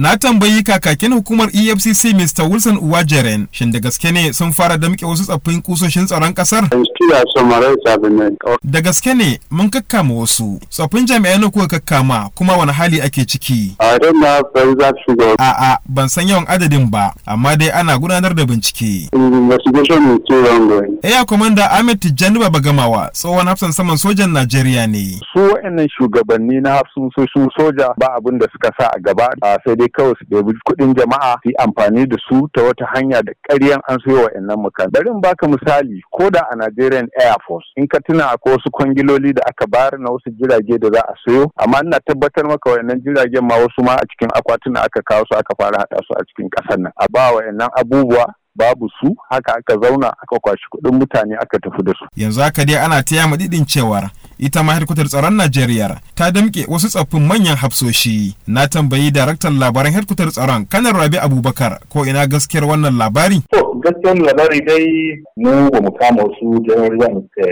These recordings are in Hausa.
Na tambayi kakakin hukumar EFCC Mr. Wilson Uwajeren, shin da gaske ne sun fara damƙe wasu tsaffin kusoshin tsaron kasar. Da gaske ne mun kakkama wasu, tsaffin jami'ai na kuka kakkama kuma wani hali ake ciki. A'a, ban san yawan adadin ba, amma dai ana gudanar da bincike. Eya Kwamanda Ahmed Tijjani gamawa tsohon hafsan saman sojan Najeriya ne. Su wa'annan shugabanni na hafsan soja ba abin da suka sa a gaba sai dai kawai su ɗebi kuɗin jama'a su yi amfani da su ta wata hanya da ƙaryan an sayo wa'annan mukan. Bari in baka misali ko da a Nigerian Air Force in ka tuna akwai wasu kwangiloli da aka bayar na wasu jirage da za a sayo amma ina tabbatar maka wa'annan jiragen ma wasu ma a cikin akwatuna aka kawo su aka fara haɗa su a cikin ƙasar nan. A ba wa'annan abubuwa babu su haka aka zauna aka kwashi kuɗin mutane aka tafi da su. Yanzu haka dai ana taya yamma cewar ita ma hedkwatar tsaron najeriya ta damƙe wasu tsaffin manyan hafsoshi na tambayi daraktan labaran hedkwatar tsaron kanar rabi abubakar ko ina gaskiyar wannan labari to gaskiyar labari dai mu ba mu kama wasu jihar suka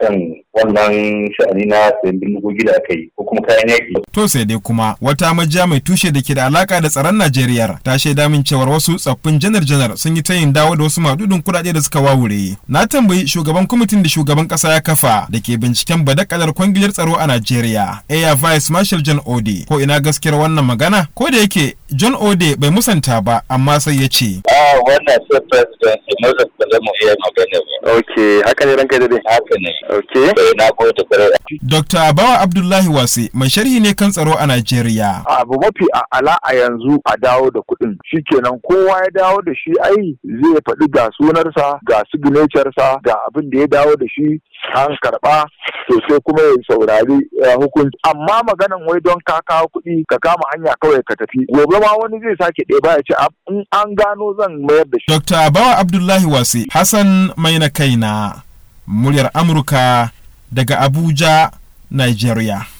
kan wannan sha'ani na sayan bindigogi da aka yi ko kuma kayan yaki. To sai dai kuma wata majiya mai tushe da ke da alaka da tsaron Najeriya ta shaida min cewar wasu tsaffin janar-janar sun yi tayin dawo da wasu madudin kuɗaɗe da suka wawure. Na tambayi shugaban kwamitin da shugaban ƙasa ya kafa da ke binciken badakalar kwangilar tsaro a Najeriya. Air Vice Marshal John Ode ko ina gaskiyar wannan magana ko da yake John Ode bai musanta ba amma sai ya ce. Ah wannan sai president Moses ba zama iya magana ok haka ne ranka dade haka ne ok eh, na gode kwarai Dr. Bawa Abdullahi Wase mai sharhi ne kan tsaro a Najeriya abu mafi ala a yanzu a dawo da kuɗin shikenan kowa ya dawo da shi ai zai faɗi ga sunarsa ga signature ga abin da ya dawo da shi an karɓa to sai kuma ya saurari eh, hukunci amma maganan wai don ka kawo kuɗi ka kama hanya kawai ka tafi gobe ma wani zai sake ɗeba ya ce in an gano zan mayar da shi Dr. Bawa Abdullahi Wasi Hassan mai kai kaina muryar amurka daga abuja nigeria